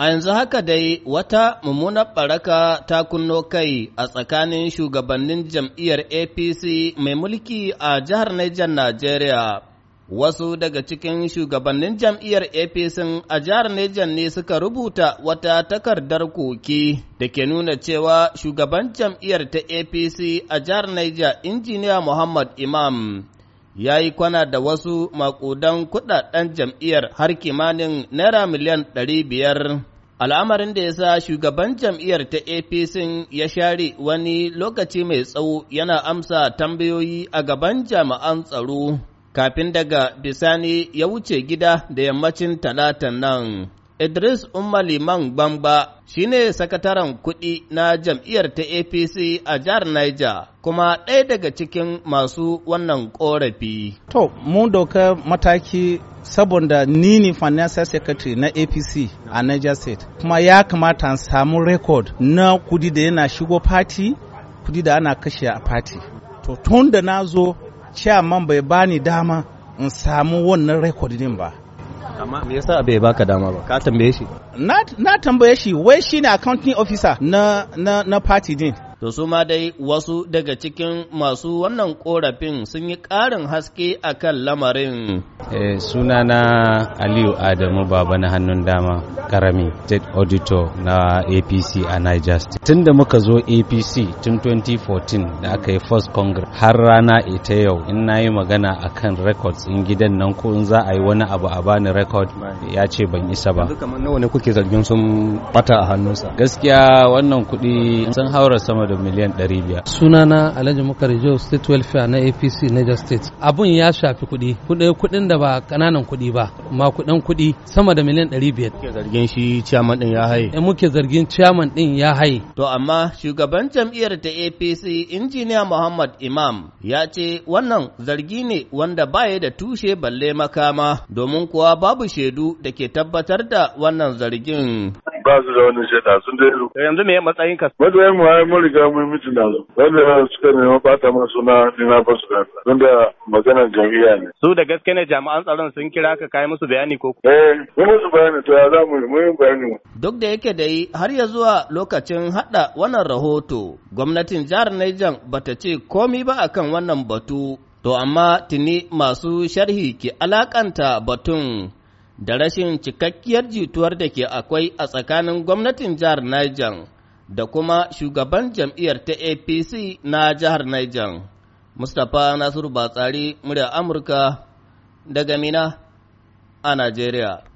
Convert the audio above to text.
A yanzu haka dai wata mummunar ɓaraka ta kunno kai a tsakanin shugabannin jam'iyyar APC mai mulki a jihar Niger Najeriya. Wasu daga cikin shugabannin jam'iyyar APC a jihar Niger ne suka rubuta wata takardar koki da ke nuna cewa shugaban jam'iyyar ta APC a jihar Niger Injiniya Muhammad Imam ya yi kwana da wasu makudan kudaden jam'iyyar har kimanin naira miliyan ɗari biyar. Al'amarin da ya sa shugaban jam'iyyar ta APC ya share wani lokaci mai tsawo yana amsa tambayoyi a gaban jami'an tsaro kafin daga bisani ya wuce gida da yammacin talatan nan. Idris Umar Liman Gbamba shi ne sakataren kuɗi na jam'iyyar ta APC a jihar Niger kuma ɗaya daga cikin masu wannan ƙorafi. To, mun dauka mataki saboda ni ne financial secretary na apc a niger state kuma ya kamata samu record na kudi da yana shigo fati, kudi da ana kashe a party to tun da na zo bai bani dama in samu wannan record din ba amma me yasa bai baka dama ba ka tambaye shi na tambaye shi wai shine accounting officer na na na party din To su ma dai wasu daga cikin masu wannan korafin sun yi ƙarin haske a kan lamarin. Eh, sunana Aliyu Adamu Baba na hannun dama karami state auditor na APC a Niger State. Tun da muka zo APC tun 2014 da aka yi first congress har rana ita yau in na yi magana a kan records in gidan nan ko in za a yi wani abu a bani record ya ce ban isa ba. Gaskiya wannan kuɗi sun haura sama da miliyan 500 sunana alhaji mukar jo state welfare na apc niger state abun ya shafi kuɗi kuɗi kuɗin da ba kananan kuɗi ba ma kuɗin kuɗi sama da miliyan 500 muke zargin shi chairman din ya haye eh, muke zargin ciyaman din ya haye to amma shugaban jam'iyyar ta apc injiniya muhammad imam ya ce wannan zargi ne wanda baya da tushe balle makama domin kuwa babu shaidu da ke tabbatar da wannan zargin ba su da wani shaida sun dai ru. Yanzu me matsayin ka? Madoyan mu ai mun riga mun miji na zo. Wanda suka nema bata mana suna ni na ba su da. maganar jami'a ne. Su da gaske ne jami'an tsaron sun kira ka kai musu bayani ko? Eh, mun musu bayani to ya za mu mun bayani. Duk da yake dai har ya zuwa lokacin hada wannan rahoto gwamnatin jihar Niger bata ce komi ba akan wannan batu To amma tuni masu sharhi ke alakanta batun da rashin cikakkiyar jituwar da ke akwai a tsakanin gwamnatin jihar Niger da kuma shugaban jam'iyyar ta APC na jihar Niger. Mustapha Nasiru Batsari, murya Amurka daga Mina a Najeriya.